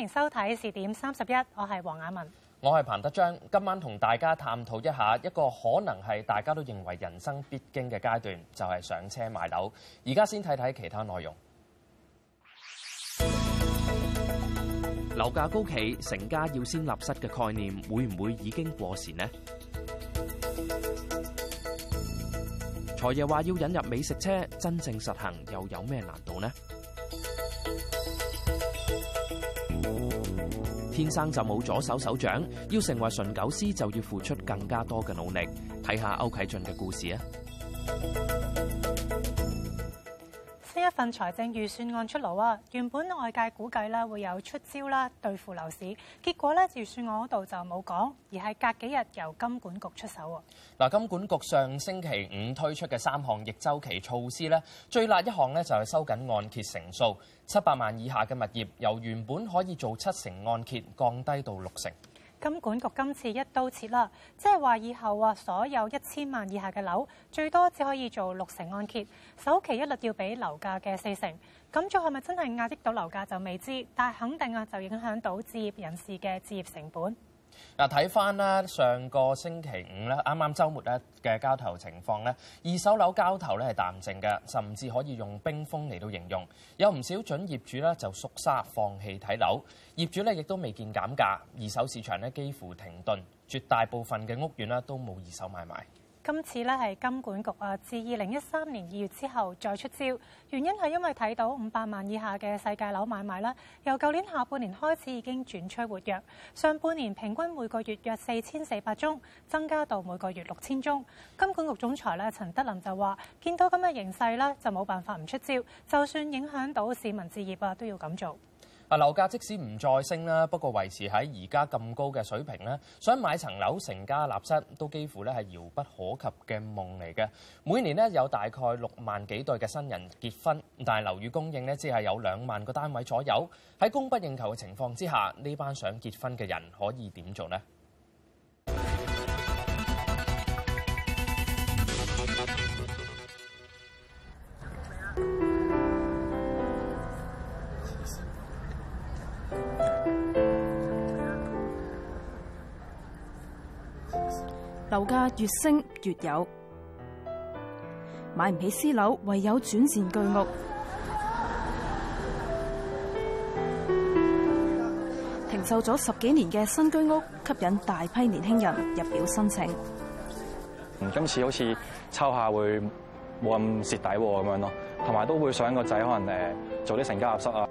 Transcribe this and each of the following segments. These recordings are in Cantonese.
歡迎收睇視點三十一，我係黃雅文，我係彭德章。今晚同大家探討一下一個可能係大家都認為人生必經嘅階段，就係上車買樓。而家先睇睇其他內容。樓價高企，成家要先立室嘅概念會唔會已經過時呢？財爺話要引入美食車，真正實行又有咩難度呢？天生就冇左手手掌，要成為馴狗師就要付出更加多嘅努力。睇下歐啟俊嘅故事啊！新一份財政預算案出爐啊！原本外界估計呢會有出招啦，對付樓市，結果呢，預算案嗰度就冇講，而係隔幾日由金管局出手嗱，金管局上星期五推出嘅三項逆週期措施呢，最辣一項呢，就係收緊按揭成數，七百萬以下嘅物業由原本可以做七成按揭，降低到六成。金管局今次一刀切啦，即係話以後啊，所有一千萬以下嘅樓，最多只可以做六成按揭，首期一律要俾樓價嘅四成。咁做係咪真係壓抑到樓價就未知，但係肯定啊就影響到置業人士嘅置業成本。嗱，睇翻咧上個星期五咧，啱啱週末咧嘅交投情況咧，二手樓交投咧係淡靜嘅，甚至可以用冰封嚟到形容。有唔少準業主咧就縮沙放棄睇樓，業主咧亦都未見減價，二手市場咧幾乎停頓，絕大部分嘅屋苑咧都冇二手買賣。今次咧係金管局啊，自二零一三年二月之後再出招，原因係因為睇到五百萬以下嘅細價樓買賣咧由舊年下半年開始已經轉趨活躍，上半年平均每個月約四千四百宗，增加到每個月六千宗。金管局總裁咧陳德霖就話，見到咁嘅形勢咧，就冇辦法唔出招，就算影響到市民置業啊，都要咁做。啊，樓價即使唔再升啦，不過維持喺而家咁高嘅水平咧，想買層樓成家立室都幾乎咧係遙不可及嘅夢嚟嘅。每年咧有大概六萬幾對嘅新人結婚，但係樓宇供應咧只係有兩萬個單位左右，喺供不應求嘅情況之下，呢班想結婚嘅人可以點做呢？樓價越升越有，買唔起私樓，唯有轉戰居屋， 停售咗十幾年嘅新居屋，吸引大批年輕人入表申請。今次好似抽下會冇咁蝕底咁樣咯，同埋都會想個仔可能誒做啲成家立室啊。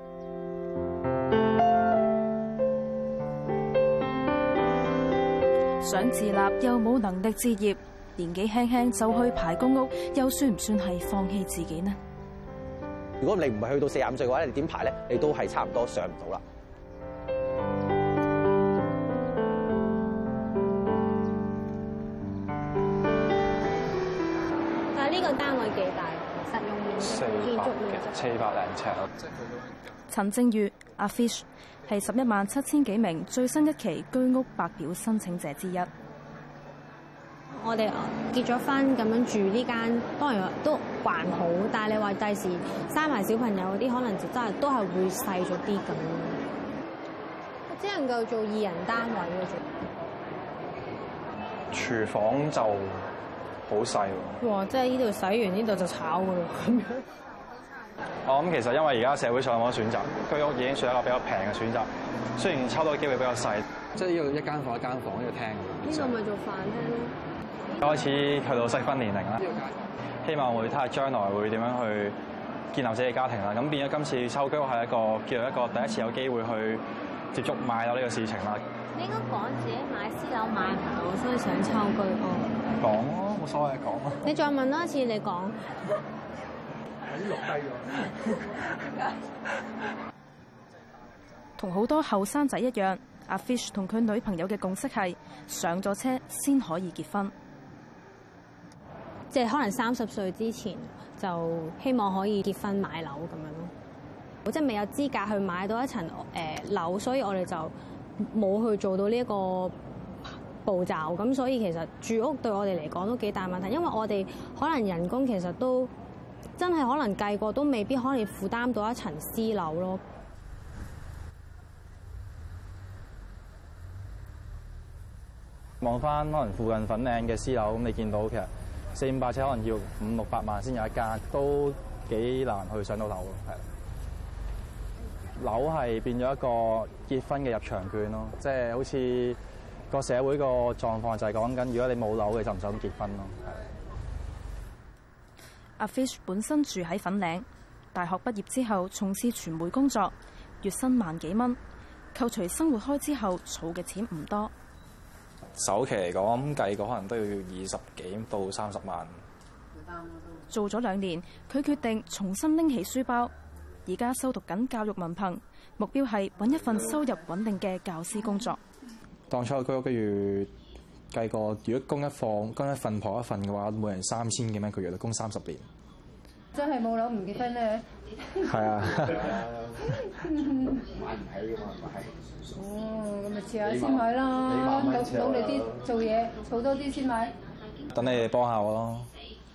想自立又冇能力置業，年紀輕輕就去排公屋，又算唔算係放棄自己呢？如果你唔係去到四十五歲嘅話，你點排咧？你都係差唔多上唔到啦。但係呢個單位幾大？實用面積、建築面積四百零尺。陳靜月，阿 Fish。係十一萬七千幾名最新一期居屋白表申請者之一，我們。我哋結咗婚咁樣住呢間，當然都還好。但係你話第時生埋小朋友嗰啲，可能就真係都係會細咗啲咁。只能夠做二人單位嘅啫。廚房就好細喎。哇！即係呢度洗完呢度就炒嘅喇。我諗其實因為而家社會上有冇得選擇，居屋已經算一個比較平嘅選擇，雖然抽到嘅機會比較細，即係要一間房一間房要、呢個廳。之後咪做飯咧。開始去到適婚年齡啦，希望會睇下將來會點樣去建立自己嘅家庭啦。咁變咗今次抽居屋係一個叫做一個第一次有機會去接觸買樓呢個事情啦。你應該講自己買私樓買唔到，所以想抽居屋。講咯、啊，冇所謂講咯。你再問多一次，你講。 同好 多後生仔一樣，阿 Fish 同佢女朋友嘅共識係上咗車先可以結婚，即係可能三十歲之前就希望可以結婚買樓咁樣咯。我真係未有資格去買到一層誒樓，所以我哋就冇去做到呢個步驟。咁所以其實住屋對我哋嚟講都幾大問題，因為我哋可能人工其實都。真係可能計過都未必可能負擔到一層私樓咯。望翻可能附近粉嶺嘅私樓，咁你見到其實四五百尺可能要五六百萬先有一間，都幾難去上到樓。係樓係變咗一個結婚嘅入場券咯，即係好似個社會個狀況就係講緊，如果你冇樓嘅就唔想結婚咯。阿 Fish 本身住喺粉嶺，大學畢業之後從事傳媒工作，月薪萬幾蚊，扣除生活開支後，儲嘅錢唔多。首期嚟講，計個可能都要二十幾到三十萬。做咗兩年，佢決定重新拎起書包，而家修讀緊教育文憑，目標係搵一份收入穩定嘅教師工作。當初佢個月。計過，如果供一房，供一份婆一份嘅話，每人三千幾蚊，佢約度供三十年，真係冇樓唔結婚咧。係啊，買唔起嘅嘛，咪係。哦，咁咪遲下先買囉，努力啲了做嘢儲多啲先買。等你哋幫下我咯。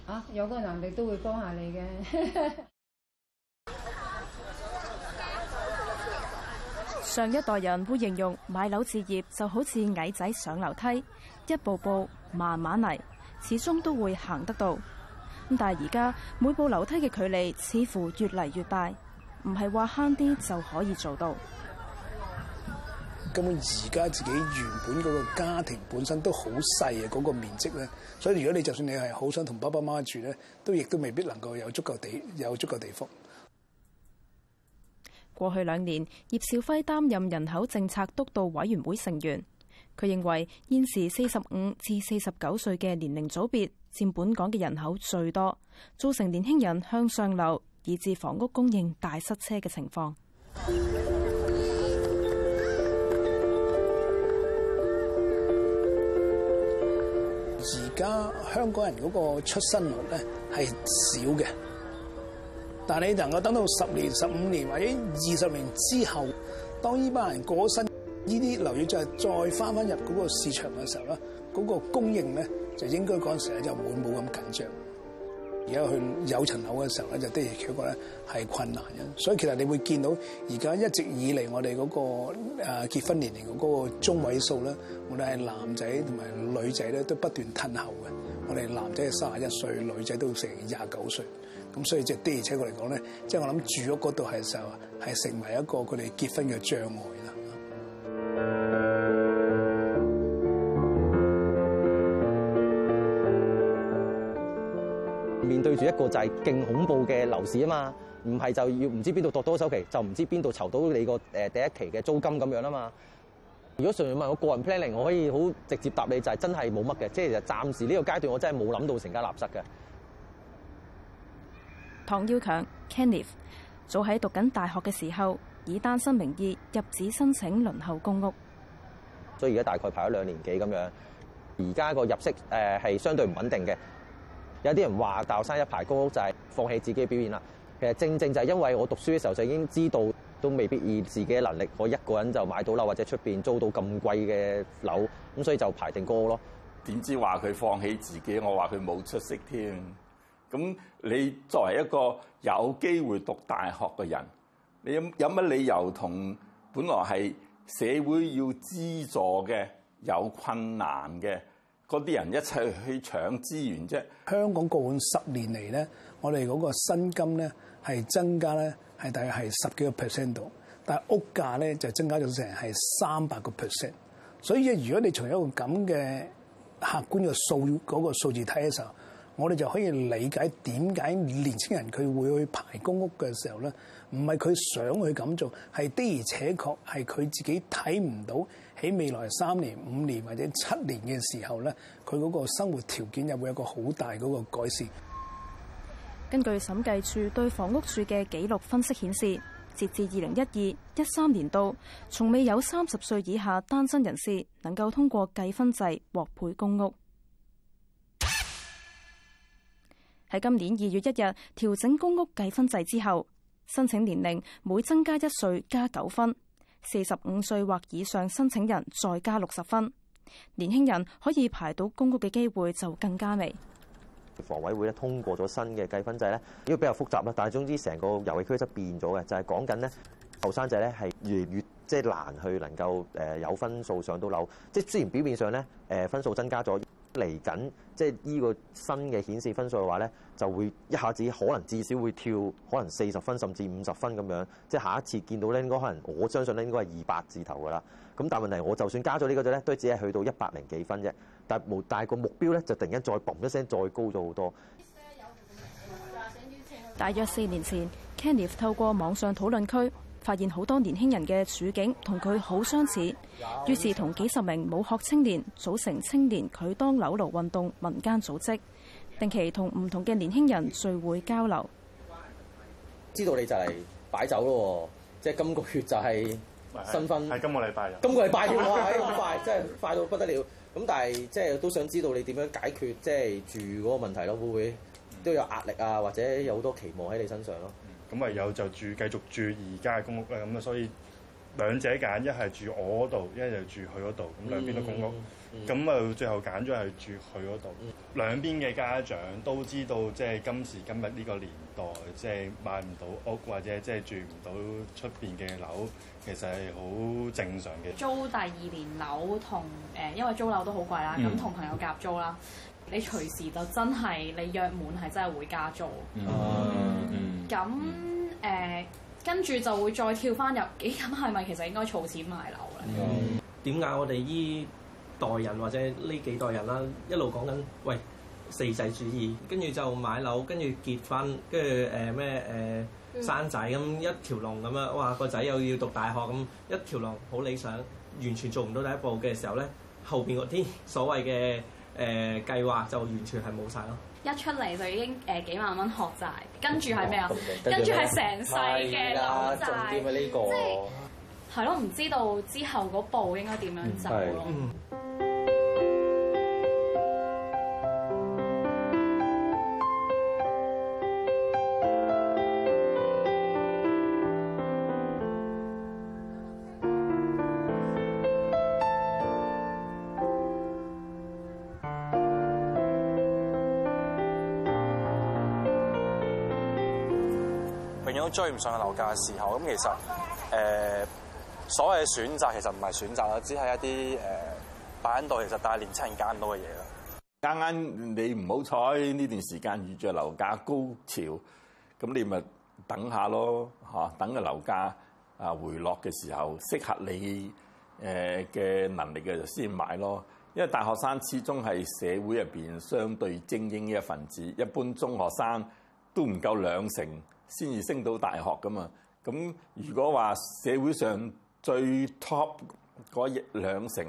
嚇、啊，有個能力都會幫下你嘅。 上一代人會形容買樓置業就好似矮仔上樓梯。一步步慢慢嚟，始終都會行得到。咁但係而家每步樓梯嘅距離似乎越嚟越大，唔係話慳啲就可以做到。根本而家自己原本嗰個家庭本身都好細啊，嗰個面積咧，所以如果你就算你係好想同爸爸媽媽住咧，都亦都未必能夠有足夠地有足夠地方。過去兩年，葉兆輝擔任人口政策督導委員會成員。佢認為現時四十五至四十九歲嘅年齡組別佔本港嘅人口最多，造成年輕人向上流以致房屋供應大塞車嘅情況。而家香港人嗰個出生率咧係少嘅，但你能夠等到十年、十五年或者二十年之後，當呢班人過身。呢啲樓宇就係再翻翻入嗰個市場嘅時候咧，嗰、那個供應咧就應該嗰陣時就會冇咁緊張。而家去有層樓嘅時候咧，就的而且確咧係困難嘅。所以其實你會見到而家一直以嚟我哋嗰個結結婚年齡嗰個中位數咧，我哋係男仔同埋女仔咧都不斷褪後嘅。我哋男仔三十一歲，女仔都成廿九歲。咁所以即、就、係、是 mm hmm. 的而且確嚟講咧，即、就、係、是、我諗住屋嗰度係時候係成為一個佢哋結婚嘅障礙啦。對住一個就係勁恐怖嘅樓市啊嘛，唔係就要唔知邊度度多首期，就唔知邊度籌到你個誒第一期嘅租金咁樣啦嘛。如果純粹問我個人 planning，我可以好直接答你就係、是、真係冇乜嘅，即係就實暫時呢個階段我真係冇諗到成家立室嘅。唐耀強 （Kenneth） 早喺讀緊大學嘅時候，以單身名義入紙申請輪候公屋。所以而家大概排咗兩年幾咁樣，而家個入息誒係、呃、相對唔穩定嘅。有啲人話大學生一排高屋就係放棄自己表現啦。其實正正就係因為我讀書嘅時候就已經知道，都未必以自己嘅能力，我一個人就買到樓或者出面租到咁貴嘅樓，咁所以就排定高咯。點知話佢放棄自己，我話佢冇出息添。咁你作為一個有機會讀大學嘅人，你有乜理由同本來係社會要資助嘅、有困難嘅？嗰啲人一齊去搶資源啫！香港過往十年嚟咧，我哋嗰個薪金咧係增加咧係大概係十幾個 percent 度，但係屋價咧就增加咗成係三百個 percent。所以咧，如果你從一個咁嘅客觀嘅數嗰個數字睇嘅時候，我哋就可以理解點解年輕人佢會去排公屋嘅時候咧。唔係佢想去咁做，係的而且確係佢自己睇唔到喺未來三年、五年或者七年嘅時候咧，佢嗰個生活條件又會有會一個好大嗰個改善。根據審計署對房屋署嘅記錄分析顯示，截至二零一二一三年度，從未有三十歲以下單身人士能夠通過計分制獲配公屋。喺今年二月一日調整公屋計分制之後。申請年齡每增加一歲加九分，四十五歲或以上申請人再加六十分。年輕人可以排到公屋嘅機會就更加微。房委會咧通過咗新嘅計分制咧，呢個比較複雜啦。但係總之成個遊戲規則變咗嘅就係講緊呢，後生仔咧係越嚟越即係難去能夠誒有分數上到樓，即係雖然表面上咧誒分數增加咗。嚟緊，即係呢個新嘅顯示分數嘅話呢，就會一下子可能至少會跳可能四十分甚至五十分咁樣，即係下一次見到呢，應該可能我相信呢應該係二百字頭噶啦。咁但問題我就算加咗呢個嘅呢，都只係去到一百零幾分啫。但係冇，但係個目標呢，就突然間再嘣一聲再高咗好多。大約四年前，Kenneth 透過網上討論區。發現好多年輕人嘅處境同佢好相似，於是同幾十名武學青年組成青年拒當樓奴運動民間組織，定期同唔同嘅年輕人聚會交流。知道你就嚟擺酒咯，即係今個月就係新婚。係今個禮拜今個禮拜添喎，咁 快，即係快到不得了。咁但係即係都想知道你點樣解決即係住嗰個問題咯？會唔會都有壓力啊？或者有好多期望喺你身上咯？咁唯有就住繼續住而家嘅公屋啦，咁啊所以兩者揀，一係住我嗰度，一係住佢嗰度，咁兩邊都公屋，咁啊、嗯嗯、最後揀咗係住佢嗰度。兩邊嘅家長都知道，即係今時今日呢個年代，即係買唔到屋或者即係住唔到出邊嘅樓，其實係好正常嘅。租第二年樓，同誒，因為租樓都好貴啦，咁同、嗯、朋友夾租啦。你隨時就真係你約滿係真係會加租，咁誒跟住就會再跳翻入，幾咁係咪其實應該儲錢買樓咧？點解、嗯、我哋依代人或者呢幾代人啦，一路講緊喂四仔主義，跟住就買樓，跟住結婚，跟住誒咩誒生仔咁一條龍咁啊！哇，個仔又要讀大學咁一條龍好理想，完全做唔到第一步嘅時候咧，後邊嗰啲所謂嘅。誒、呃、計劃就完全係冇晒咯，一出嚟就已經誒幾萬蚊學債，跟住係咩啊？跟住係成世嘅樓債，即係係咯，唔、啊就是、知道之後嗰步應該點樣走咯。追唔上樓價嘅時候，咁其實誒、呃、所謂嘅選擇其實唔係選擇啦，只係一啲誒擺喺度，其實帶年青人揀多嘅嘢啦。啱啱你唔好彩呢段時間遇着樓價高潮，咁你咪等下咯，嚇等個樓價啊回落嘅時候，適合你誒嘅能力嘅就先買咯。因為大學生始終係社會入邊相對精英嘅一份子，一般中學生，都唔夠兩成，先至升到大學噶嘛？咁如果話社會上最 top 嗰兩成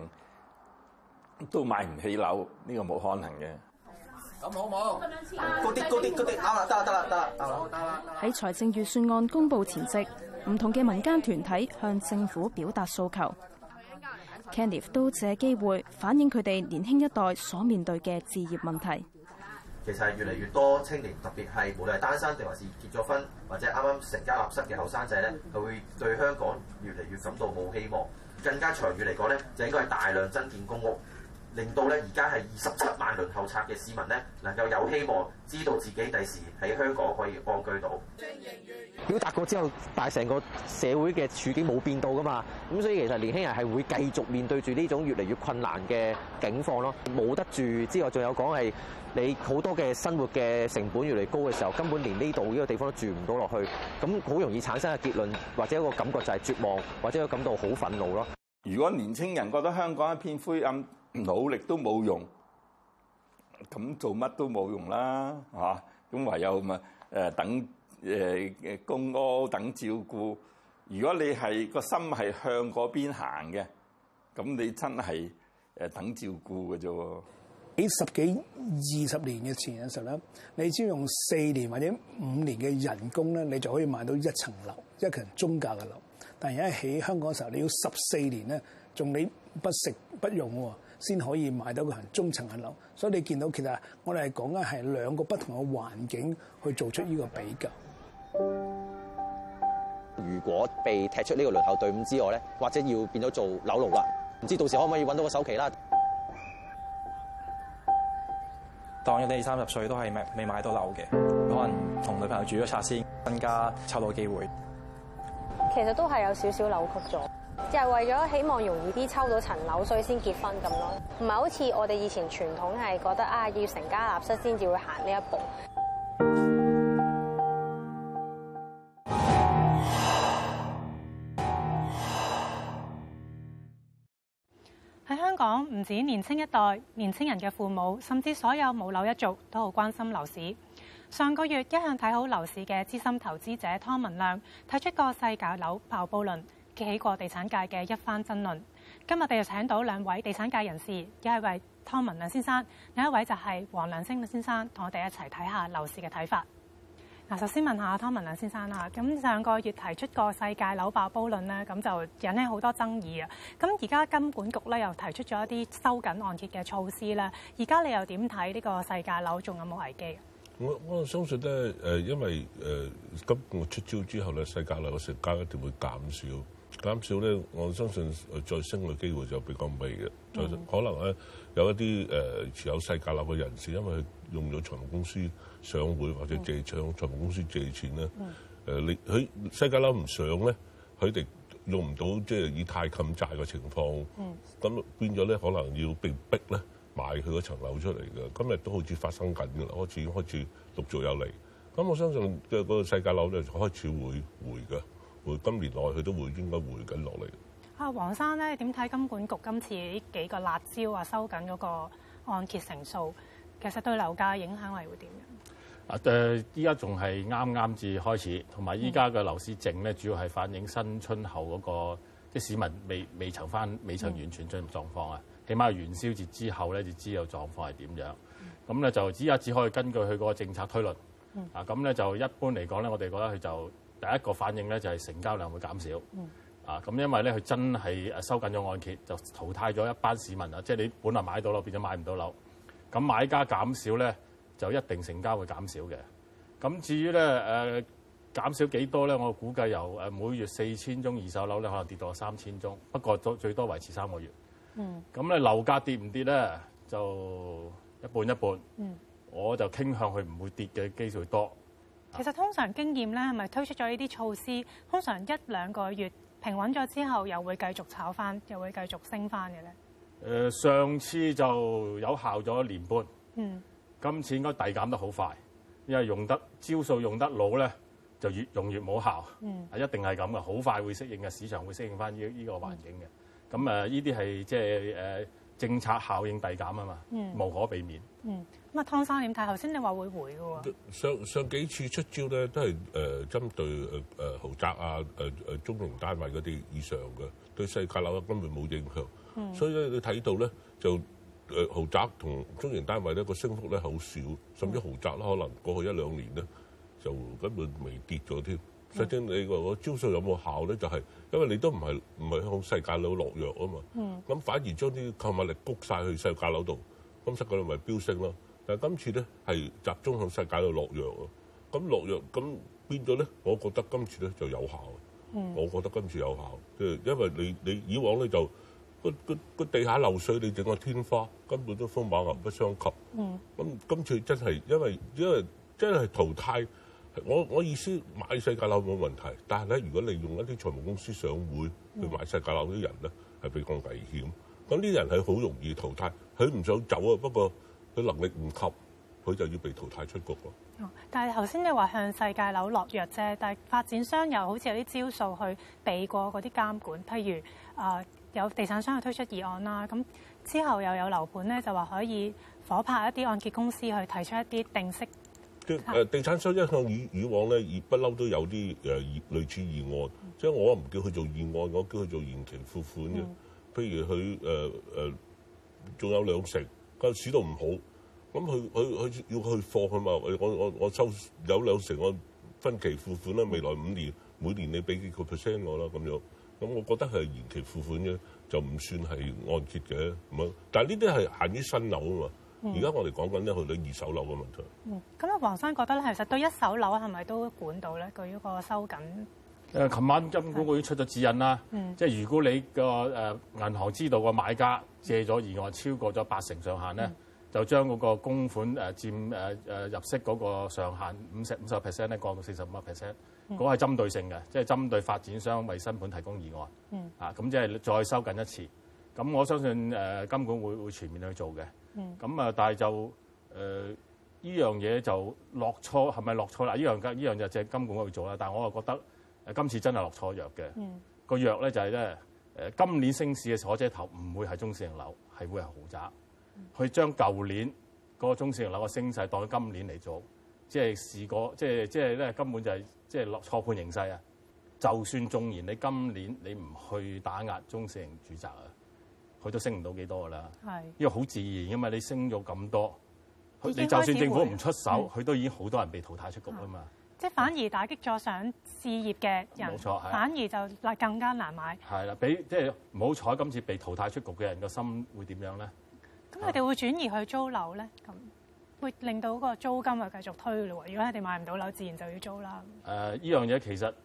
都買唔起樓，呢個冇可能嘅。咁好唔好？嗰啲嗰啲嗰啲得啦得啦得啦，喺財政預算案公布前夕，唔同嘅民間團體向政府表達訴求。k e n n i c e 都借機會反映佢哋年輕一代所面對嘅置業問題。其實係越嚟越多青年，特別係無論係單身定還是結咗婚，或者啱啱成家立室嘅後生仔咧，佢會對香港越嚟越感到冇希望。更加長遠嚟講咧，就應該係大量增建公屋，令到咧而家係二十七萬輪候冊嘅市民咧，能夠有希望知道自己第時喺香港可以安居到。表達過之後，但係成個社會嘅處境冇變到㗎嘛？咁所以其實年輕人係會繼續面對住呢種越嚟越困難嘅境況咯。冇得住之外，仲有講係。你好多嘅生活嘅成本越嚟越高嘅時候，根本連呢度呢個地方都住唔到落去，咁好容易產生嘅結論或者一個感覺就係絕望，或者感到好憤怒咯。如果年青人覺得香港一片灰暗，努力都冇用，咁做乜都冇用啦，吓、啊，咁唯有咪誒等誒、呃、公屋等照顧。如果你係個心係向嗰邊行嘅，咁你真係誒等照顧嘅啫。喺十幾二十年嘅前嘅時候咧，你只要用四年或者五年嘅人工咧，你就可以買到一層樓，一層中價嘅樓。但係而家起香港嘅時候，你要十四年咧，仲你不食不用先可以買到一層中層嘅樓。所以你見到其實我哋係講緊係兩個不同嘅環境去做出呢個比較。如果被踢出呢個輪候隊伍之外咧，或者要變咗做樓奴啦，唔知到時可唔可以揾到個首期啦？當咗你二三十歲都係未未買到樓嘅，可能同女朋友住咗拆先，更加抽到機會。其實都係有少少扭曲咗，就係為咗希望容易啲抽到層樓，所以先結婚咁咯。唔係好似我哋以前傳統係覺得啊，要成家立室先至會行呢一步。唔止年青一代，年青人嘅父母，甚至所有冇樓一族都好關心樓市。上個月一向睇好樓市嘅資深投資者湯文亮，睇出個細價樓爆煲論，激起過地產界嘅一番爭論。今日我哋請到兩位地產界人士，一,一位為湯文亮先生，另一位就係黃良昇先生，同我哋一齊睇下樓市嘅睇法。嗱，首先問下湯文亮先生啦。咁上個月提出個細價樓爆煲論咧，咁就引起好多爭議啊。咁而家金管局咧又提出咗一啲收緊按揭嘅措施咧。而家你又點睇呢個細價樓仲有冇危機？我我相信咧，誒，因為誒金、呃、我出招之後咧，細價樓嘅成交一定會減少。減少咧，我相信再升嘅機會就比較微嘅。的可能咧有一啲誒、呃、持有細價樓嘅人士，因為佢用咗財務公司上會或者借向財務公司借錢咧，誒你佢細價樓唔上咧，佢哋用唔到即係以太冚債嘅情況，咁的變咗咧可能要被逼咧賣佢嗰層樓出嚟㗎。今日都好似發生緊㗎啦，開始開始陸續有嚟，咁我相信嘅嗰個細價樓咧開始會回㗎。回的今年內佢都會應該回緊落嚟。啊，黃生咧點睇金管局今次呢幾個辣招啊，收緊嗰個按揭成數，其實對樓價影響係會點樣？啊，誒，依家仲係啱啱至開始，同埋依家嘅樓市靜咧，主要係反映新春後嗰、那個、嗯、即市民未未曾翻、未曾完全進入狀況啊。起碼元宵節之後咧，就知有狀況係點樣。咁咧、嗯、就依家只可以根據佢嗰個政策推論啊。咁咧、嗯、就一般嚟講咧，我哋覺得佢就。第一個反應咧就係成交量會減少，啊咁、嗯、因為咧佢真係收緊咗按揭，就淘汰咗一班市民啊，即、就、係、是、你本來買到樓，變咗買唔到樓，咁買家減少咧就一定成交會減少嘅。咁至於咧誒、呃、減少幾多咧，我估計由誒每月四千宗二手樓咧，可能跌到三千宗，不過都最多維持三個月。嗯，咁咧樓價跌唔跌咧就一半一半。嗯，我就傾向佢唔會跌嘅機會多。其實通常經驗咧係咪推出咗呢啲措施，通常一兩個月平穩咗之後又繼，又會繼續炒翻，又會繼續升翻嘅咧？誒、呃，上次就有效咗一年半。嗯。今次應該遞減得好快，因為用得招數用得老咧，就越用越冇效。嗯。嗯。啊，一定係咁嘅，好快會適應嘅，市場會適應翻呢依個環境嘅。咁、呃、誒，依啲係即係誒。政策效應遞減啊嘛，嗯、無可避免。嗯，咁啊，湯生點睇？頭先你話會會嘅喎。上上幾次出招咧，都係誒、呃、針對誒誒、呃、豪宅啊、誒、呃、誒中型單位嗰啲以上嘅，對細價樓咧根本冇影響。嗯、所以你睇到咧就誒、呃、豪宅同中型單位咧個升幅咧好少，甚至豪宅咧可能過去一兩年咧就根本未跌咗添。首先、嗯、你個招數有冇效咧？就係、是、因為你都唔係唔係向細價樓落藥啊嘛。咁、嗯、反而將啲購物力谷晒去細價樓度，咁細價樓咪飆升咯。但係今次咧係集中向細價樓度落藥啊。咁落藥咁變咗咧，我覺得今次咧就有效。嗯、我覺得今次有效，即、就、係、是、因為你你以往咧就個個個地下漏水，你整個天花根本都風馬牛不相及。咁、嗯嗯、今次真係因為因為真係淘汰。我我意思買細價樓冇問題，但係咧，如果你用一啲財務公司上會去買細價樓啲人咧，係、嗯、比較危險。咁啲人係好容易淘汰，佢唔想走啊，不過佢能力唔及，佢就要被淘汰出局咯、嗯。但係頭先你話向細價樓落藥啫，但係發展商又好似有啲招數去避過嗰啲監管，譬如啊、呃，有地產商去推出議案啦，咁之後又有樓盤咧就話可以夥拍一啲按揭公司去提出一啲定息。.地，呃、地產商一向以以往咧，而不嬲都有啲誒、呃、類似意外。嗯、即係我唔叫佢做意外，我叫佢做延期付款嘅。嗯、譬如佢誒仲有兩成，個市都唔好。咁佢佢佢要去貨佢嘛？我我我收有兩成，我分期付款啦。未來五年每年你俾幾個 percent 我啦，咁樣。咁我覺得係延期付款嘅，就唔算係按揭嘅。咁樣。但呢啲係限於新樓啊嘛。而家我哋講緊咧，去到二手樓嘅問題。嗯，咁啊，黃生覺得咧，其實對一手樓係咪都管到咧？佢呢個收緊誒，琴晚金管局出咗指引啦。嗯、即係如果你個誒銀行知道個買家借咗意外、嗯、超過咗八成上限咧，嗯、就將嗰個供款佔入息嗰個上限五十五十 percent 咧，降到四十五 percent。嗰係針對性嘅，即係針對發展商為新盤提供意外。嗯、啊咁即係再收緊一次。咁我相信金管局會全面去做嘅。咁啊，嗯、但係就呢樣嘢就落錯係咪落錯啦？呢樣嘢呢樣就正金管局要做啦。但我又覺得今、呃、次真係落錯藥嘅。嗯、個藥咧就係、是、咧、呃、今年升市嘅火車頭唔會係中小型樓，係會係豪宅。佢將舊年個中小型樓嘅升勢當今年嚟做，即係試過，即係即係咧根本就係、是、即係落錯判形勢啊！就算縱然你今年你唔去打壓中小型住宅啊！佢都升唔到幾多噶啦，係，因為好自然，因為你升咗咁多，你就算政府唔出手，佢了都已經好多人被淘汰出局啊嘛。即係反而打擊咗想置業嘅人，冇錯，反而就嗱更加難買。係啦，俾即係唔好彩，今次被淘汰出局嘅人個心會點樣咧？咁佢哋會轉移去租樓咧？咁會令到個租金啊繼續推咯喎。如果佢哋買唔到樓，自然就要租啦。誒、呃，依樣嘢其實～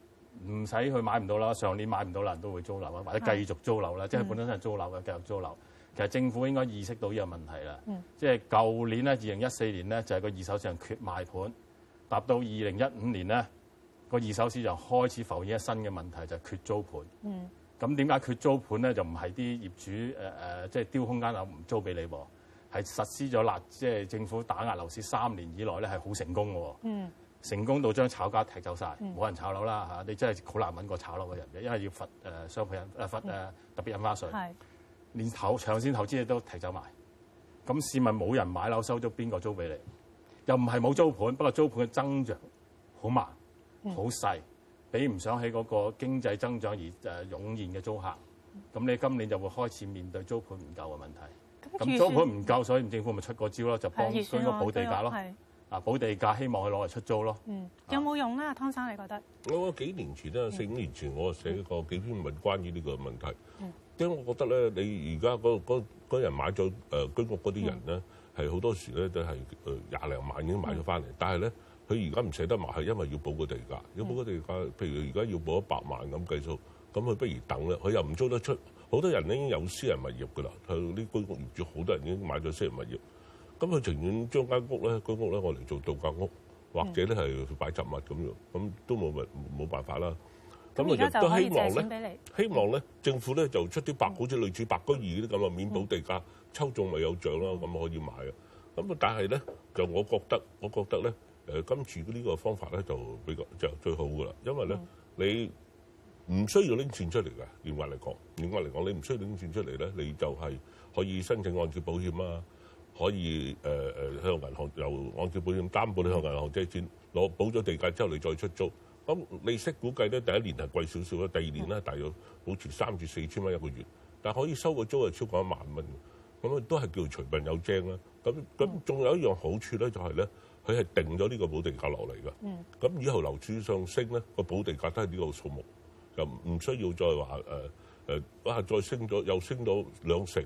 唔使去買唔到啦，上年買唔到啦，人都會租樓或者繼續租樓啦。即係是的 本身係租樓嘅、嗯、繼續租樓。其實政府應該意識到呢個問題啦。即係舊年咧，二零一四年咧就係、是、個二手市場缺賣盤，達到二零一五年咧個二手市場就開始浮現一新嘅問題，就係、是、缺租盤。咁點解缺租盤咧？就唔係啲業主誒誒即係丟空間樓唔租俾你喎？係實施咗啦，即係政府打壓樓市三年以來咧係好成功㗎喎。嗯成功到將炒家踢走晒，冇、嗯、人炒樓啦吓，你真係好難搵個炒樓嘅人嘅，因為要罰誒雙倍特別印花稅，是連投長線投資都踢走埋。咁市民冇人買樓，收咗邊個租俾你？又唔係冇租盤，嗯、不過租盤嘅增長好慢，好細、嗯，比唔上喺嗰個經濟增長而誒湧現嘅租客。咁、嗯、你今年就會開始面對租盤唔夠嘅問題。咁租盤唔夠，所以政府咪出個招咯，就幫應該補地價咯。是啊，補地價希望佢攞嚟出租咯。嗯，有冇用咧？啊、湯生，你覺得？我幾年前啦，四五年前我寫過幾篇文關於呢個問題。嗯、因為我覺得咧、那個？你而家嗰嗰人買咗誒居屋嗰啲人咧，係好、嗯、多時咧都係誒廿零萬已經買咗翻嚟。嗯、但係咧，佢而家唔捨得賣，係因為要補個地價。要補個地價，譬如而家要補一百萬咁計數，咁佢不如等啦。佢又唔租得出。好多人咧已經有私人物業㗎啦。佢啲居屋業主好多人已經買咗私人物業。咁佢情願將間屋咧，居屋咧，我嚟做度假屋，或者咧係擺雜物咁樣，咁、嗯、都冇咪冇辦法啦。咁我亦都希望咧，希望咧、嗯、政府咧就出啲白，嗯、好似類似白居易啲咁啊，免補地價，抽、嗯、中咪有獎啦，咁可以買啊。咁啊，但係咧就我覺得，我覺得咧、呃、今次呢個方法咧就比較就最好噶啦，因為咧、嗯、你唔需要拎錢出嚟㗎，嚴格嚟講，嚴格嚟講，你唔需要拎錢出嚟咧，你就係可以申請按揭保險啊。可以誒誒、呃、向銀行又按照保險擔保你向銀行借錢，攞補咗地價之後你再出租，咁利息估計咧第一年係貴少少啦，第二年咧大約保持三至四千蚊一個月，但可以收個租係超過一萬蚊，咁啊都係叫隨便有精啦。咁咁仲有一樣好處咧就係、是、咧，佢係定咗呢個補地價落嚟噶。嗯。咁以後樓市上升咧個補地價都係呢個數目，就唔需要再話誒誒哇再升咗又升到兩成，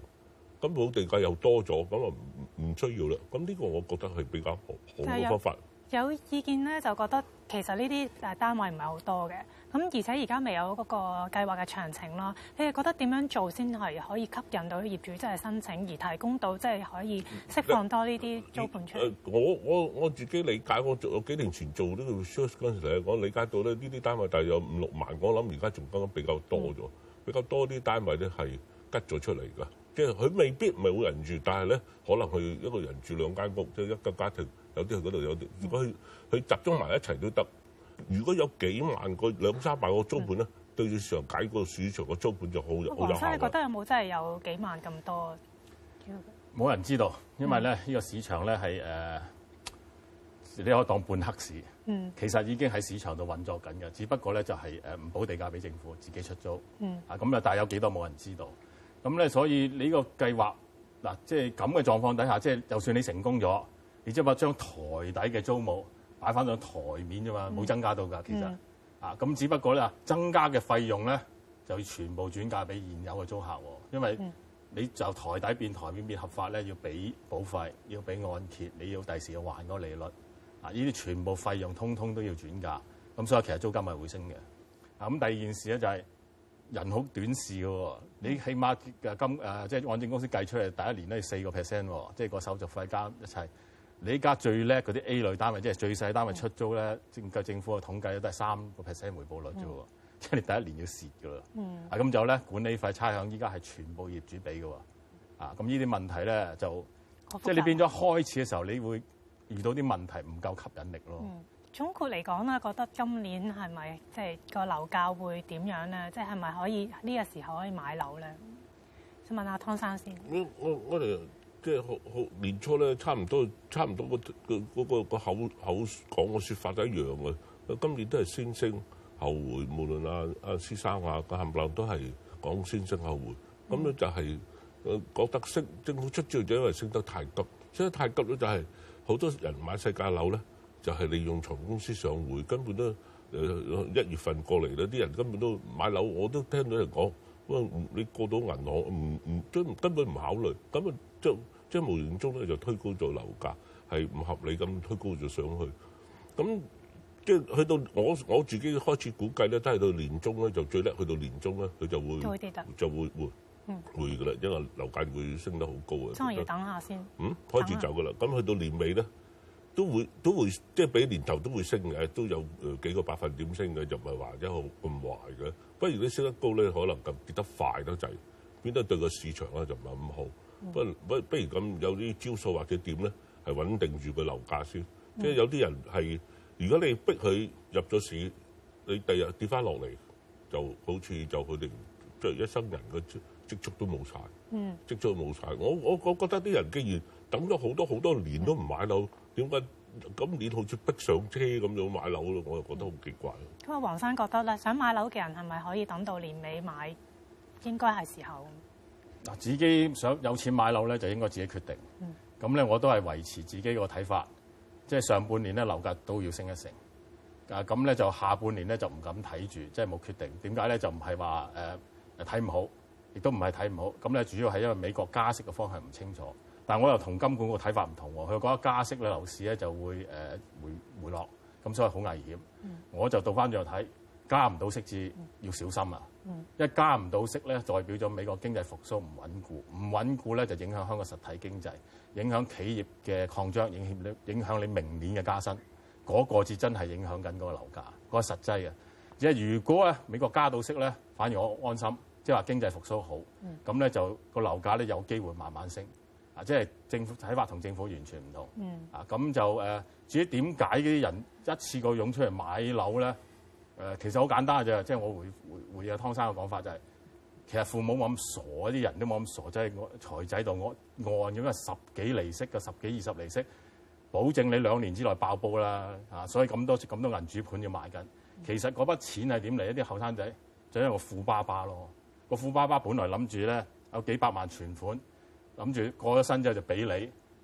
根本地價又多咗，咁啊唔唔需要啦。咁呢個我覺得係比較好好嘅方法有。有意見咧，就覺得其實呢啲誒單位唔係好多嘅。咁而且而家未有嗰個計劃嘅詳情咯。你哋覺得點樣做先係可以吸引到業主即係申請，而提供到即係、即係、可以釋放多呢啲租盤出嚟、呃呃？我我我自己理解，我做我幾年前做呢個 search 嗰陣時嚟我理解到咧呢啲單位，大約五六萬，我諗而家仲得比較多咗，比較多啲單位咧係吉咗出嚟㗎。即係佢未必唔係冇人住，但係咧可能佢一個人住兩間屋，即、就、係、是、一個家庭。有啲去嗰度有啲，如果佢佢集中埋一齊都得。如果有幾萬個、兩三百個租盤咧，是的 對住市場解個市場個租盤就好就好行。黃生，你覺得有冇真係有幾萬咁多？冇人知道，因為咧呢、嗯、呢個市場咧係誒，你可以當半黑市。嗯，其實已經喺市場度運作緊嘅，只不過咧就係誒唔補地價俾政府，自己出租。啊咁、嗯、啊，但係有幾多冇人知道？咁咧，所以呢個計劃嗱，即係咁嘅狀況底下，即係就算你成功咗，你即係話將台底嘅租務擺翻到台面啫嘛，冇、嗯、增加到㗎，其實啊，咁、嗯、只不過咧增加嘅費用咧，就要全部轉嫁俾現有嘅租客喎，因為你就台底變台面變合法咧，要俾保費，要俾按揭，你要第時要還嗰利率啊，呢啲全部費用通通都要轉嫁，咁所以其實租金係會升嘅。啊，咁第二件事咧就係。人好短視嘅喎、哦，你起碼嘅今誒即係按證公司計出嚟，第一年咧四個 percent，即係個手續費加一齊。你依家最叻嗰啲 A 類單位，即、就、係、是、最細單位出租咧，政夠、嗯、政府嘅統計都係三個 percent 回報率啫喎、哦，嗯、即係你第一年要蝕嘅啦。嗯、啊，咁就有咧管理費差餉，依家係全部業主俾嘅喎。啊，咁呢啲問題咧就即係你變咗開始嘅時候，你會遇到啲問題唔夠吸引力咯。嗯總括嚟講啦，覺得今年係咪即係個樓價會點樣咧？即係係咪可以呢個時候可以買樓咧？先問下湯生先。我我我哋即係好好年初咧，差唔多差唔多個個嗰口口講個説法都一樣嘅。今年都係先升後回，無論阿阿先生啊、阿冚唪唥都係講先升後回。咁咧就係覺得升政府出招就因為升得太急，升得太急咧就係好多人買世界樓咧。就係利用財務公司上會，根本都一月份過嚟咧，啲人根本都買樓，我都聽到人講，哇！你過到銀行，唔唔根本唔考慮，咁啊就即係無形中咧就推高咗樓價，係唔合理咁推高咗上去。咁即係去到我我自己開始估計咧，都係到年中咧就最叻，去到年中咧佢就會,會就會會會㗎啦，嗯、因為樓價會升得好高啊！真係要等下先，嗯，開始走㗎啦。咁去下到年尾咧？都會都會即係比年頭都會升嘅，都有誒幾個百分點升嘅，就唔係話一個咁壞嘅。不如你升得高咧，可能咁跌得快得滯，變得對個市場咧就唔係咁好。不不、嗯、不如咁有啲招數或者點咧，係穩定住個樓價先。即係、嗯、有啲人係，如果你逼佢入咗市，你第日跌翻落嚟，就好似就佢哋即係一生人嘅積蓄都冇曬，嗯、積蓄冇晒。我我我覺得啲人既然等咗好多好多年都唔買樓。點解今年好似逼上車咁樣買樓咯？我又覺得好奇怪。咁啊、嗯，黃、那個、生覺得咧，想買樓嘅人係咪可以等到年尾買？應該係時候。嗱，自己想有錢買樓咧，就應該自己決定。咁咧、嗯，我都係維持自己個睇法，即係上半年咧樓價都要升一成。啊，咁咧就下半年咧就唔敢睇住，即係冇決定。點解咧？就唔係話誒睇唔好，亦都唔係睇唔好。咁咧，主要係因為美國加息嘅方向唔清楚。但我又同金管個睇法唔同喎、哦。佢又覺得加息咧，樓市咧就會誒、呃、回回落咁，所以好危險。嗯、我就倒翻轉去睇，加唔到息至要小心啦、啊。嗯、一加唔到息咧，代表咗美國經濟復甦唔穩固，唔穩固咧就影響香港實體經濟，影響企業嘅擴張，影響你影響你明年嘅加薪嗰、那個字真係影響緊嗰個樓價，嗰、那個實際啊。只如果啊美國加到息咧，反而我安心，即係話經濟復甦好咁咧、嗯，就個樓價咧有機會慢慢升。啊，即係政府睇法同政府完全唔同，mm. 啊咁就誒、啊，至於點解啲人一次過湧出嚟買樓咧？誒、啊，其實好簡單嘅啫，即係我回回回阿湯生嘅講法就係、是，其實父母冇咁傻，啲人都冇咁傻，即、就、係、是、我財仔度我按咗個十幾釐息嘅十幾二十釐息，保證你兩年之內爆煲啦，啊，所以咁多咁多銀主盤要買緊。其實嗰筆錢係點嚟？啲後生仔就因為個富爸爸咯，個富爸爸本來諗住咧有幾百萬存款。諗住過咗身之後就俾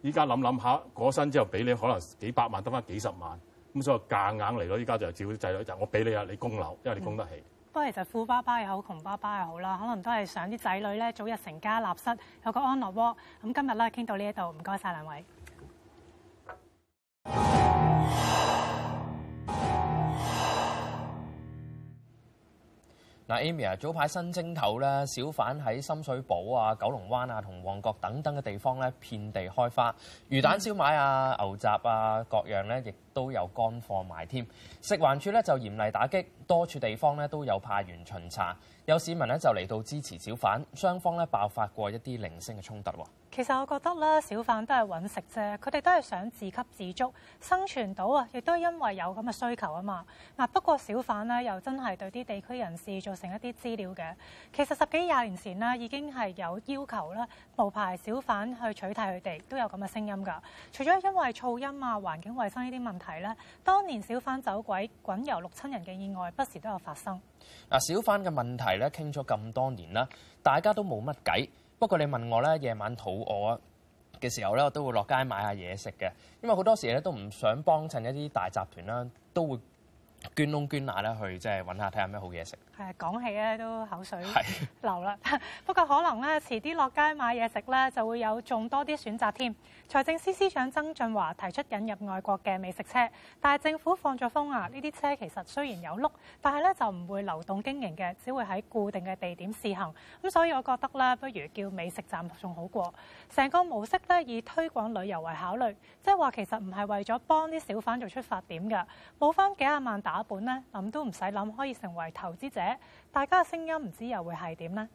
你，依家諗諗下過咗身之後俾你，可能幾百萬得返幾十萬，咁所以夾硬嚟咯。依家就照啲仔女就我俾你啊，你供樓，因為你供得起。不過、嗯、其實富爸爸又好，窮爸爸又好啦，可能都係想啲仔女咧早日成家立室，有個安樂窩。咁今日咧傾到呢一度，唔該晒兩位。Amy 啊，Naomi，早排新正頭小販喺深水埗啊、九龍灣啊、同旺角等等嘅地方呢，遍地開花，魚蛋燒賣啊、牛雜啊，各樣咧都有乾貨埋添，食環署咧就嚴厲打擊多處地方咧都有派員巡查，有市民咧就嚟到支持小販，雙方咧爆發過一啲零星嘅衝突。其實我覺得咧，小販都係揾食啫，佢哋都係想自給自足，生存到啊，亦都因為有咁嘅需求啊嘛。嗱，不過小販咧又真係對啲地區人士造成一啲滋擾嘅。其實十幾廿年前咧已經係有要求啦，無牌小販去取締佢哋都有咁嘅聲音噶，除咗因為噪音啊、環境衛生呢啲問題。係咧，當年小販走鬼滾油淥親人嘅意外，不時都有發生。嗱，小販嘅問題咧，傾咗咁多年啦，大家都冇乜計。不過你問我咧，夜晚肚餓嘅時候咧，我都會落街買下嘢食嘅，因為好多時咧都唔想幫襯一啲大集團啦，都會。捐窿捐罅咧，去即係揾下睇下咩好嘢食。係，講起咧都口水流啦。是不過可能咧遲啲落街買嘢食咧就會有仲多啲選擇添。財政司司長曾俊華提出引入外國嘅美食車，但係政府放咗風啊，呢啲車其實雖然有碌，但係咧就唔會流動經營嘅，只會喺固定嘅地點試行。咁所以我覺得咧不如叫美食站仲好過。成個模式咧以推廣旅遊為考慮，即係話其實唔係為咗幫啲小販做出發點㗎，冇翻幾廿萬打本咧，諗都唔使諗，可以成為投資者。大家嘅聲音唔知又會係點呢？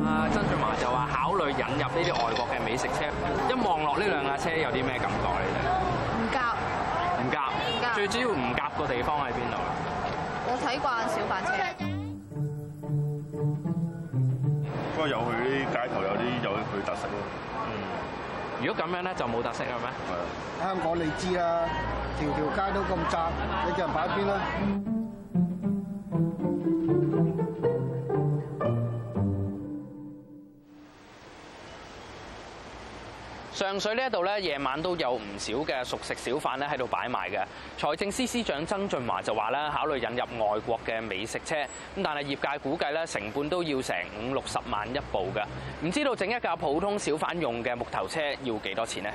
啊，曾俊華就話考慮引入呢啲外國嘅美食車。一望落呢兩架車，有啲咩感覺嚟嘅？唔夾，唔夾，最主要唔夾個地方喺邊度？我睇慣小販車，不過有佢啲街頭有啲有佢特色咯。嗯，如果咁樣咧，就冇特色係咩？香港對你知啦，條條街都咁窄，你叫人擺邊啦？上水呢一度咧，夜晚都有唔少嘅熟食小販咧喺度擺賣嘅。財政司司長曾俊華就話啦，考慮引入外國嘅美食車，咁但係業界估計咧，成本都要成五六十萬一部噶唔知道整一架普通小販用嘅木頭車要幾多錢呢？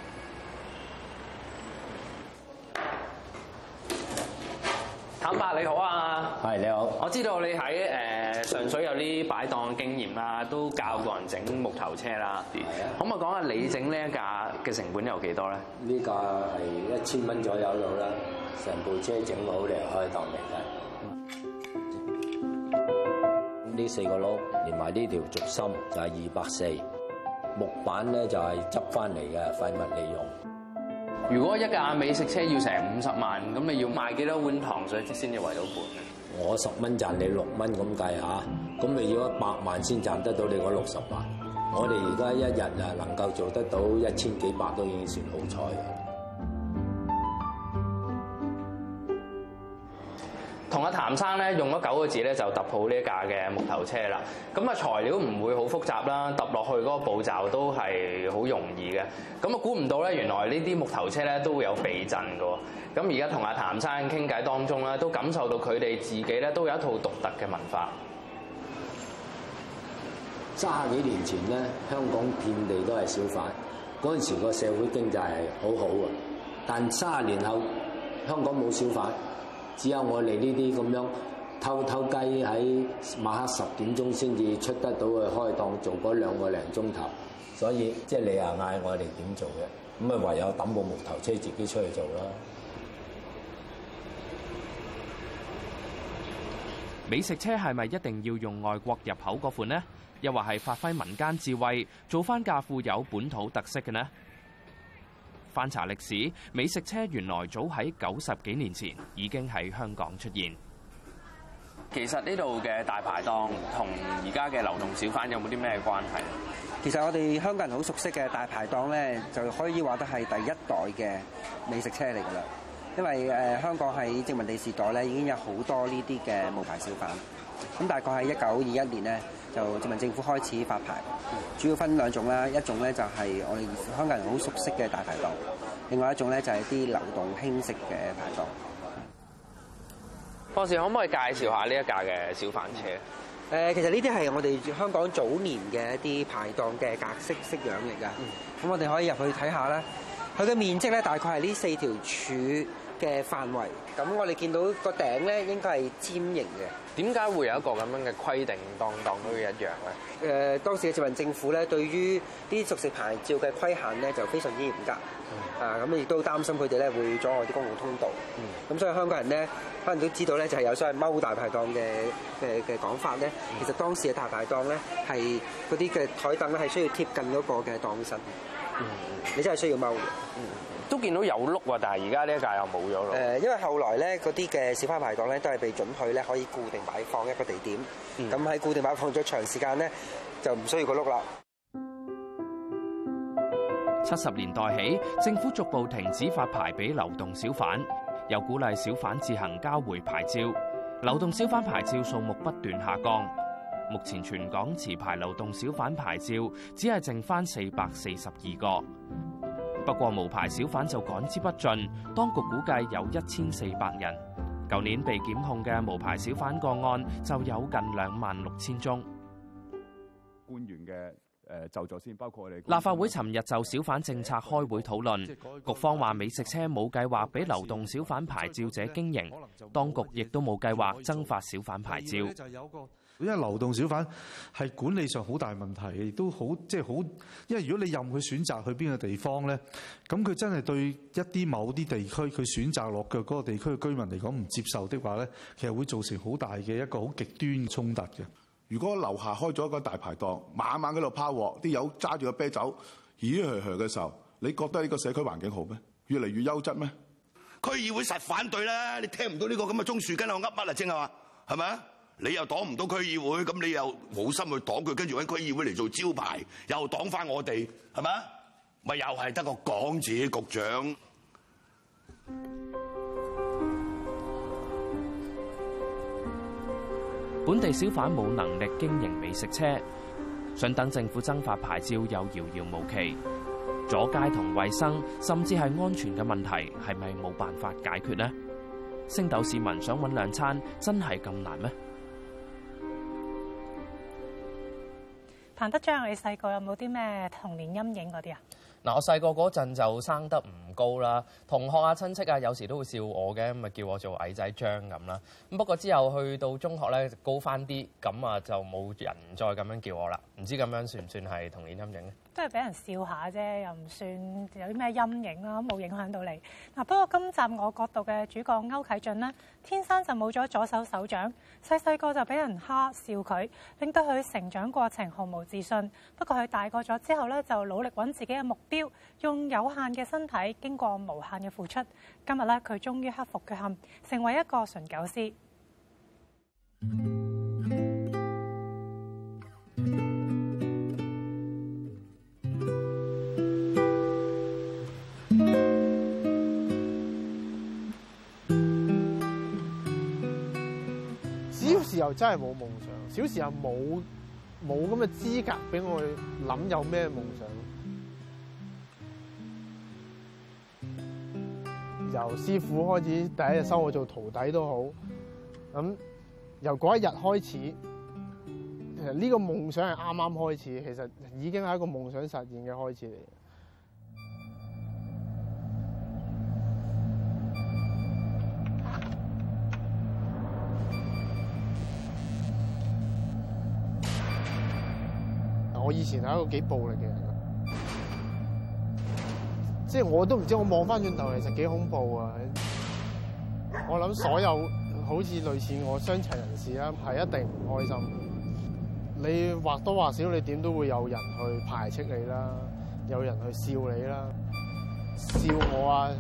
阿伯你好啊，係你好。我知道你喺、呃、上水有啲擺檔經驗啦，都教過人整木頭車啦。的可唔可以講下你整呢一架嘅成本有幾多咧？呢架係一千蚊左右度啦，成部車整好嚟開檔嚟嘅。咁呢、嗯、四個轆連埋呢條軸心就係二百四，木板咧，就係執翻嚟嘅廢物利用。如果一架美食車要成五十萬，咁你要賣幾多碗糖水先至圍到盤？我十蚊賺你六蚊咁計下，咁你要一百萬先賺得到你嗰六十萬。我哋而家一日啊能夠做得到一千幾百都已經算好彩。同阿譚生咧用咗九個字咧就揼好呢架嘅木頭車啦。咁啊材料唔會好複雜啦，揼落去嗰個步驟都係好容易嘅。咁啊估唔到咧，原來呢啲木頭車咧都會有避震嘅。咁而家同阿譚生傾偈當中咧，都感受到佢哋自己咧都有一套獨特嘅文化。卅幾年前咧，香港遍地都係小販，嗰陣時個社會經濟係好好啊。但三十年後，香港冇小販。只有我哋呢啲咁樣偷偷雞喺晚黑十點鐘先至出得到去開檔做嗰兩個零鐘頭，所以即係、就是、你又嗌我哋點做嘅，咁啊唯有揼部木頭車自己出去做啦。美食車係咪一定要用外國入口嗰款呢？又或係發揮民間智慧，做翻架富有本土特色嘅呢？翻查歷史，美食車原來早喺九十幾年前已經喺香港出現。其實呢度嘅大排檔同而家嘅流動小販有冇啲咩關係？其實我哋香港人好熟悉嘅大排檔咧，就可以話得係第一代嘅美食車嚟噶啦。因為誒、呃、香港喺殖民地時代咧，已經有好多呢啲嘅無牌小販。咁大概喺一九二一年咧。就殖民政府開始發牌，嗯、主要分兩種啦。一種咧就係我哋香港人好熟悉嘅大排檔，另外一種咧就係啲流動輕式嘅排檔。博、嗯、士，可唔可以介紹一下呢一架嘅小販車？誒、嗯呃，其實呢啲係我哋香港早年嘅一啲排檔嘅格式式樣嚟噶。咁、嗯、我哋可以入去睇下咧，佢嘅面積咧大概係呢四條柱嘅範圍，咁我哋見到個頂咧應該係尖形嘅。點解會有一個咁樣嘅規定，檔檔都一樣咧？誒，當時嘅殖民政府咧，對於啲熟食牌照嘅規限咧就非常之嚴格，嗯、啊，咁亦都擔心佢哋咧會阻礙啲公共通道。咁、嗯、所以香港人咧，可能都知道咧，就係有所謂踎大排檔嘅嘅嘅講法咧。嗯、其實當時嘅大排檔咧，係嗰啲嘅台凳咧係需要貼近嗰個嘅檔身，嗯、你真係需要踎嘅。嗯都見到有碌喎，但係而家呢一架又冇咗咯。誒，因為後來咧，嗰啲嘅小販牌檔咧都係被准許咧可以固定擺放一個地點，咁喺固定擺放咗長時間咧，就唔需要個碌啦。七十年代起，政府逐步停止發牌俾流動小販，又鼓勵小販自行交回牌照，流動小販牌照數目不斷下降。目前全港持牌流動小販牌照只係剩翻四百四十二個。不過無牌小販就趕之不盡，當局估計有一千四百人。舊年被檢控嘅無牌小販個案就有近兩萬六千宗。官員嘅誒就座先，包括我哋立法會，尋日就小販政策開會討論。局方話美食車冇計劃俾流動小販牌照者經營，當局亦都冇計劃增發小販牌照。因為流動小販係管理上好大問題的，亦都好即係好。因為如果你任佢選擇去邊個地方咧，咁佢真係對一啲某啲地區，佢選擇落腳嗰個地區嘅居民嚟講唔接受的話咧，其實會造成好大嘅一個好極端嘅衝突嘅。如果樓下開咗一個大排檔，晚晚喺度趴鑊，啲友揸住個啤酒，咦呵呵嘅時候，你覺得呢個社區環境好咩？越嚟越優質咩？區議會實反對啦！你聽唔到呢、這個咁嘅鍾樹根我噏乜啊精啊嘛？係咪啊？你又擋唔到區議會，咁你又冇心去擋佢，跟住喺區議會嚟做招牌，又擋翻我哋，係咪？咪又係得個港字局長？本地小販冇能力經營美食車，想等政府增發牌照又遙遙無期，阻街同衛生，甚至係安全嘅問題，係咪冇辦法解決呢？升斗市民想搵兩餐，真係咁難咩？彭德章，你細個有冇啲咩童年陰影啲啊？嗱，我細個陣就生得唔～高啦，同學啊、親戚啊，有時都會笑我嘅，咁咪叫我做矮仔張咁啦。咁不過之後去到中學咧，高翻啲，咁啊就冇人再咁樣叫我啦。唔知咁樣算唔算係童年陰影咧？都係俾人笑下啫，又唔算有啲咩陰影啦，冇影響到你。嗱，不過今集我角度嘅主角歐啟俊呢，天生就冇咗左手手掌，細細個就俾人蝦笑佢，令到佢成長過程毫無自信。不過佢大個咗之後咧，就努力揾自己嘅目標，用有限嘅身體。經過無限嘅付出，今日呢佢終於克服缺陷，成為一個純狗師。小時候真係冇夢想，小時候冇冇咁嘅資格俾我去諗有咩夢想。由師傅開始，第一日收我做徒弟都好。咁、嗯、由嗰一日開始，其實呢個夢想係啱啱開始，其實已經係一個夢想實現嘅開始嚟。我以前係一個幾暴力嘅人。即係我都唔知，我望翻轉頭其實幾恐怖啊！我諗所有好似類似我傷殘人士啦，係一定唔開心。你或多或少，你點都會有人去排斥你啦，有人去笑你啦，笑我啊，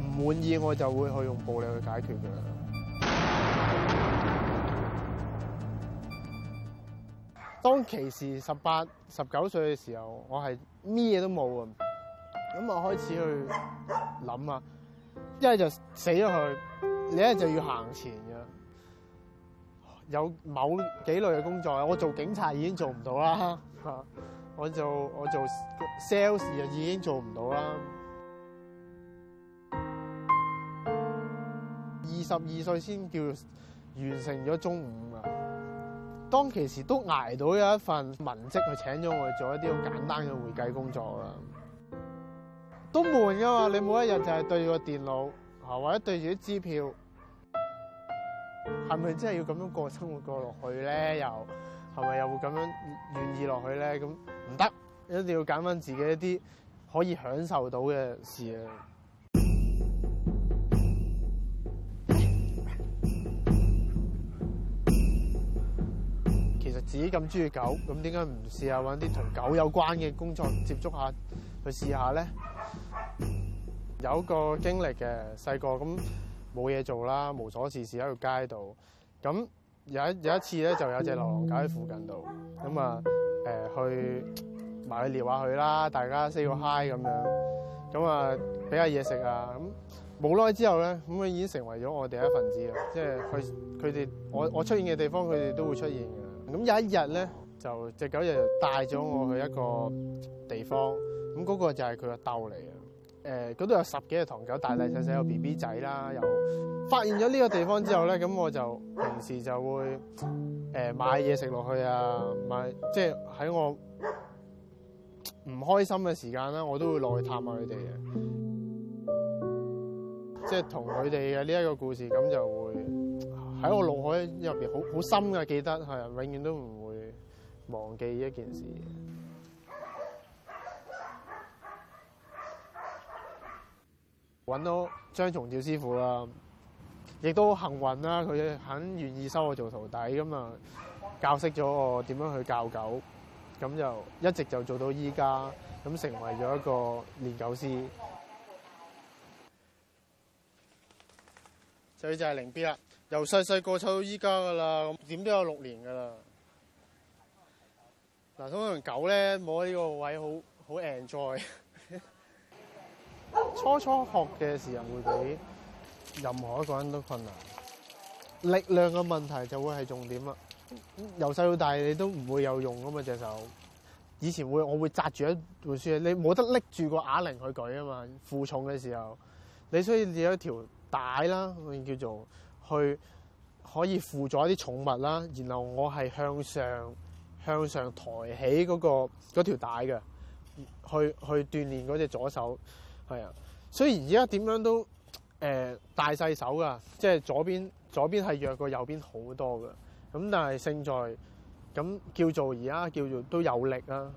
唔滿意我就會去用暴力去解決㗎。當其時十八、十九歲嘅時候，我係咩嘢都冇啊，咁我開始去諗啊，一係就死咗佢，你一係就要行前嘅，有某幾類嘅工作，我做警察已經做唔到啦，吓，我做我做 sales 啊已經做唔到啦，二十二歲先叫完成咗中五啊。當其時都捱到有一份文職，去請咗我做一啲好簡單嘅會計工作啦，都悶噶嘛，你每一日就係對住個電腦，嚇或者對住啲支票，係咪真係要咁樣過生活過落去咧？又係咪又會咁樣願意落去咧？咁唔得，一定要揀翻自己一啲可以享受到嘅事啊！自己咁中意狗，咁點解唔試下揾啲同狗有關嘅工作接觸下，去試下咧？有個經歷嘅細個咁冇嘢做啦，無所事事喺條街度咁，有有一次咧，就有隻流浪狗喺附近度咁啊誒去埋去撩下佢啦，大家 say 個 hi 咁樣咁啊俾下嘢食啊，咁冇耐之後咧，咁佢已經成為咗我哋一份子喇，即係佢佢哋我我出現嘅地方，佢哋都會出現嘅。咁有一日咧，就隻狗就，就，就帶咗我去一個地方，咁，那，嗰個就係佢個竇嚟嘅。誒、呃，嗰度有十幾隻唐狗，大大細細有 B B 仔啦。又發現咗呢個地方之後咧，咁我就平時就會誒買嘢食落去啊，買即係喺我唔開心嘅時間啦，我都會落去探下佢哋嘅，即係同佢哋嘅呢一個故事咁就會。喺我腦海入邊好好深嘅記得係，永遠都唔會忘記一件事。揾到張松照師傅啦，亦都幸運啦，佢肯願意收我做徒弟，咁啊教識咗我點樣去教狗，咁就一直就做到依家，咁成為咗一個練狗師。所以就係零 B 啦。由細細個湊到依家噶啦，咁點都有六年噶啦。嗱，通常狗咧，摸呢個位好好 enjoy。 初初學嘅時候會比任何一個人都困難，力量嘅問題就會係重點啦。由細到大，你都唔會有用噶嘛隻手。以前會我會紮住一本書，你冇得拎住個啞鈴去舉啊嘛。負重嘅時候，你需要一條帶啦，我叫做。去可以輔助一啲寵物啦，然後我係向上向上抬起嗰、那個嗰條帶嘅，去去鍛煉嗰隻左手，啊，所以而家點樣都誒、呃、大細手噶，即、就、係、是、左邊左邊係弱過右邊好多㗎。咁但係勝在咁叫做而家叫做都有力啦、啊。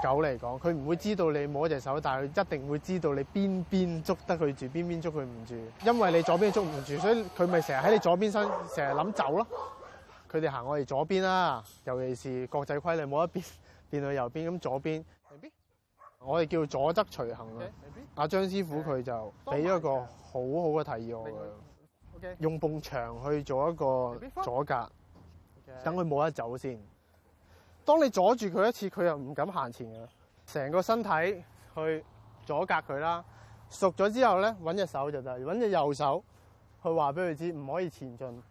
狗嚟講，佢唔會知道你摸一隻手，但佢一定會知道你邊邊捉得佢住，邊邊捉佢唔住。因為你左邊捉唔住，所以佢咪成日喺你左邊身，成日諗走咯。佢哋行我哋左邊啦，尤其是國際規例，摸一邊變到右邊，咁左邊，Maybe? 我哋叫左側隨行啊。阿張 Okay, maybe? 師傅佢就俾咗一個很好好嘅提議我 Maybe. Okay. 用埲牆去做一個左格，等佢冇得走先。當你阻住佢一次，佢又唔敢行前㗎喇，成個身體去阻隔佢啦。熟咗之後咧，揾隻手就得，揾隻右手去話俾佢知唔可以前進。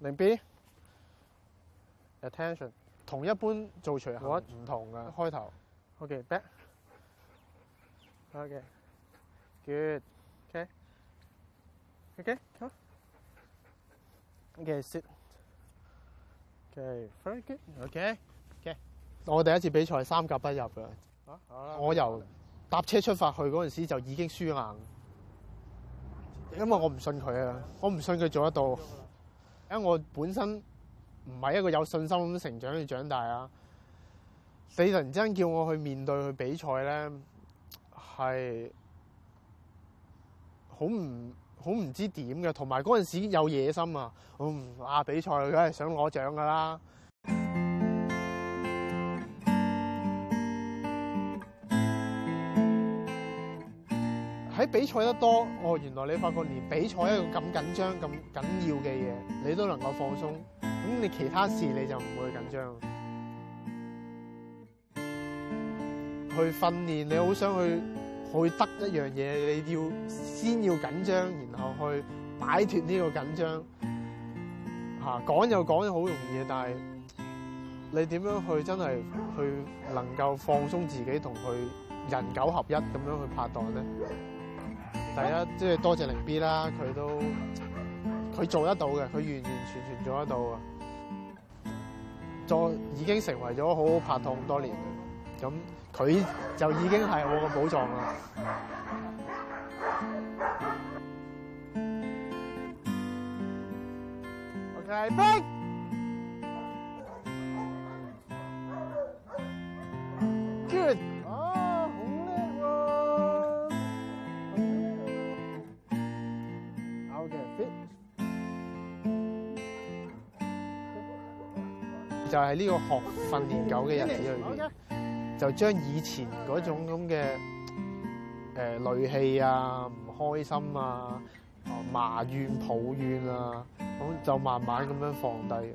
零 B，attention，同一般做隨行唔同嘅開頭。OK，back，OK，good，OK，OK，好，OK，sit，OK，very good，OK。我第一次比賽三甲不入嘅，我由搭車出發去嗰陣時就已經輸硬，因為我唔信佢啊，我唔信佢做得到，因為我本身唔係一個有信心咁成長去長大啊。你突然之間叫我去面對去比賽咧，係好唔好唔知點嘅，同埋嗰陣時有野心啊，啊，唔啊比賽梗係想攞獎噶啦。比賽得多，哦，原來你發覺連比賽一個咁緊張、咁緊要嘅嘢，你都能夠放鬆。咁你其他事你就唔會緊張。去訓練你好想去去得一樣嘢，你要先要緊張，然後去擺脫呢個緊張。嚇講又講得好容易，但係你點樣去真係去能夠放鬆自己，同佢人九合一咁樣去拍檔咧？第一即係、就是、多謝零 B 啦，佢都佢做得到嘅，佢完完全全做得到啊！做已經成為咗好好拍檔咁多年，咁佢就已經係我嘅寶藏啦。OK，break. 喺呢個學訓練狗嘅日子裏面，就將以前嗰種咁嘅誒戾氣啊、唔開心啊、埋怨抱怨啊，咁就慢慢咁樣放低。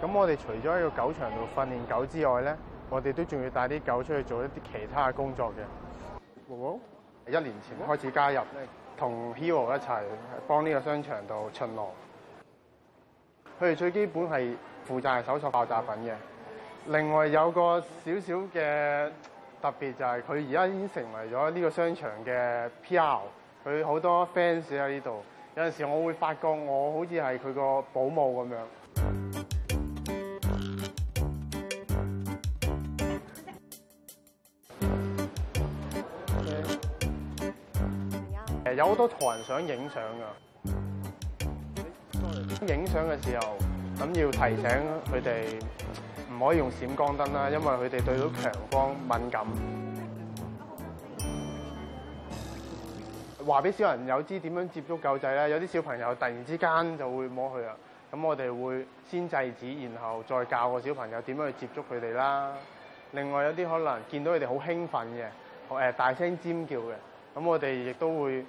咁我哋除咗喺個狗場度訓練狗之外咧，我哋都仲要帶啲狗出去做一啲其他嘅工作嘅，一年前開始加入，同 Hero 一齊幫呢個商場度巡邏。佢哋最基本係負責搜索爆炸品嘅。另外有個少少嘅特別就係佢而家已經成為咗呢個商場嘅 PR，佢好多 fans 喺呢度。有陣時我會發覺我好似係佢個保姆咁樣。有好多途人想影相噶，影相嘅時候咁要提醒佢哋唔可以用閃光燈啦，因為佢哋對到強光敏感。話俾小朋友知點樣接觸狗仔啦，有啲小朋友突然之間就會摸佢啊，咁我哋會先制止，然後再教個小朋友點樣去接觸佢哋啦。另外有啲可能見到佢哋好興奮嘅，誒大聲尖叫嘅，咁我哋亦都會。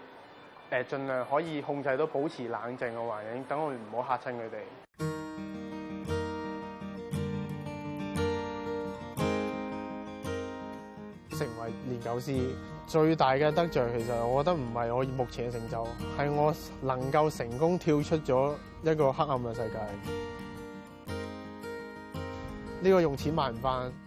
誒，儘量可以控制到保持冷靜嘅環境，等我哋唔好嚇親佢哋。成為練狗師最大嘅得著，其實我覺得唔係我目前嘅成就，係我能夠成功跳出咗一個黑暗嘅世界。呢、這個用錢買唔返。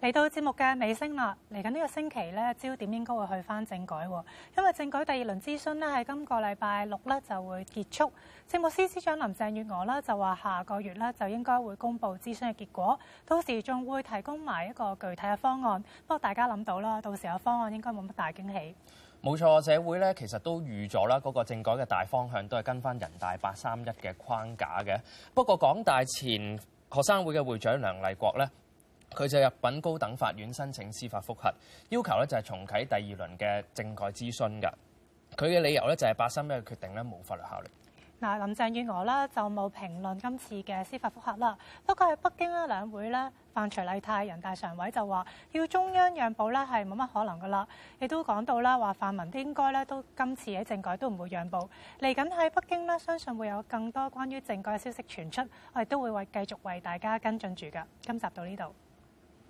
嚟到節目嘅尾聲啦，嚟緊呢個星期咧，焦點應該會去翻政改喎。因為政改第二輪諮詢咧，喺今個禮拜六咧就會結束。政務司司長林鄭月娥呢，就話：下個月咧就應該會公布諮詢嘅結果，到時仲會提供埋一個具體嘅方案。不過大家諗到啦，到時候方案應該冇乜大驚喜。冇錯，社會咧其實都預咗啦，嗰個政改嘅大方向都係跟翻人大八三一嘅框架嘅。不過港大前學生會嘅會長梁麗國咧。佢就入禀高等法院申請司法復核，要求咧就係重啟第二輪嘅政改諮詢㗎。佢嘅理由咧就係八三一嘅決定咧冇法律效力。嗱，林鄭月娥啦就冇評論今次嘅司法復核啦。不過喺北京呢兩會呢，范徐麗泰人大常委就話要中央讓步咧係冇乜可能㗎啦。亦都講到啦話泛民應該咧都今次喺政改都唔會讓步。嚟緊喺北京呢，相信會有更多關於政改嘅消息傳出，我哋都會為繼續為大家跟進住㗎。今集到呢度。